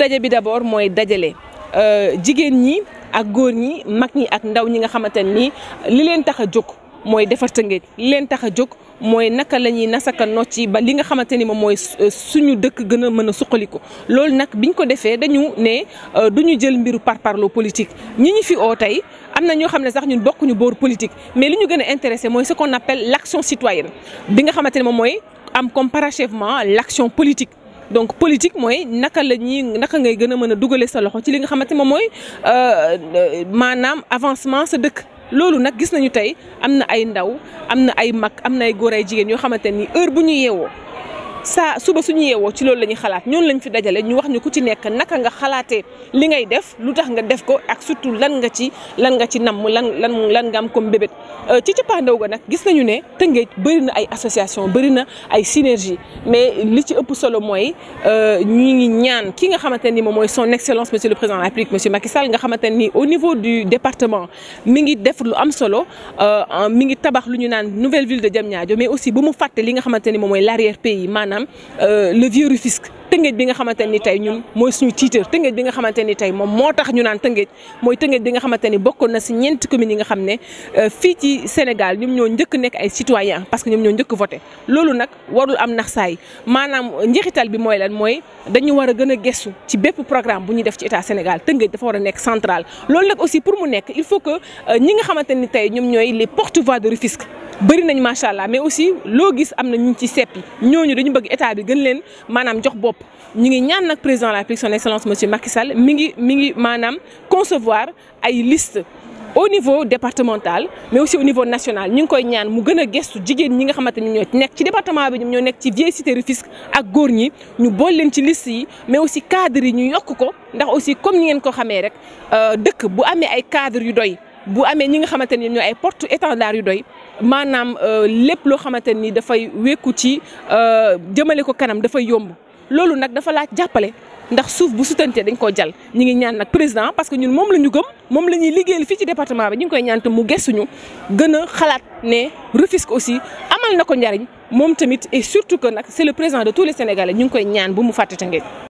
daje bi d'abord dajalé euh jigen ñi ak goor ñi mag ñi ak ndaw ñi nga xamanteni li leen taxa li leen naka ba li nga euh, suñu dëkk ne je euh, jël mbiru politique ñi ñi fi o tay amna ñu xamné sax ñun politique mais li ñu gëna intéressé ce qu'on appelle l'action citoyenne bi nga xamanteni parachèvement l'action politique donc politique moy naka la ñuy naka ngay gën sa loxo ci li nga xamante moy euh, euh manam avancement sa dëkk. lolu nak gis nañu tay amna ay ndaw amna ay mak amna ay góor ay jigéen yoo ni heure bu ñu sa suba suñu yeewoo ci loolu le xalaat lañ fi ñu wax ñu ku ci nekk naka nga li ngay def lutax nga def ko ak surtout lan nga ci lan nga comme euh, na association bari na ay synergie mais li ci ëpp solo euh, ngi ñaan son excellence monsieur le président de monsieur Macky nga au niveau du département mi ngi def lu am solo euh, mi nouvelle ville de Diamniadio mais aussi bu mu li nga l'arrière pays maanaam euh, le vieux Rufisque tëngéej bi nga xamante ni tey ñun mooy suñu tiitër tëngéej bi nga xamante ni tey moom moo tax ñu naan tëngéej mooy tëngéej bi nga xamante ni bokkoon na si ñeenti communes yi nga xam ne euh, fii ci Sénégal ñoom ñoo njëkk nekk ay loolu nag warul am nax saay maanaam njeexital bi mooy lan mooy dañu war a gën a gestu ci bépp programme bu ñu def ci état Sénégal tëngéej dafa war a nekk central loolu nag aussi pour mu nekk il faut que euh, ñi nga xamante ni tey ñoom ñooy les porte-voix de Rufisque bëri nañ macha allah mais aussi loo gis am na ñu ci seppi ñooñu dañu bëgg état bi gën leen manam jox bop ñu ngi ñaan nak président de la République son excellence monsieur Macky Sall mi ngi mi ngi maanaam concevoir ay liste au niveau départemental mais aussi au niveau national ñu ngi koy ñaan mu gëna a gestu jigéen ñi nga xamanteni ni ñoo nekk ci département bi ñoom ñoo nek ci vieille cité Rufisque ak góor ñi ñu bool leen ci liste yi mais aussi cadre yi ñu yokk ko ndax aussi comme ni ngeen ko xamé rek euh dëkk bu amé ay cadre yu doy bu amee ñi nga xamante ni ñooy ay porte étendard yu doy maanaam euh, lép loo xamante nii dafay wékku ci euh, jëmale ko kanam dafay yomb loolu nag dafa laaj jàppale ndax suuf bu sutantee dañ koo jal ñu ngi ñaan nag président parce que ñun moom la ñu gëm moom la ñuy liggéeyal fii ci département bi ñu ngi koy ñaan te mu gëstuñu gën a xalaat ne Rufisque aussi amal na ko njariñ moom tamit et surtout que nag c'est le président de tous les Sénégalais ñu ngi koy ñaan mu fàtte Tëngéej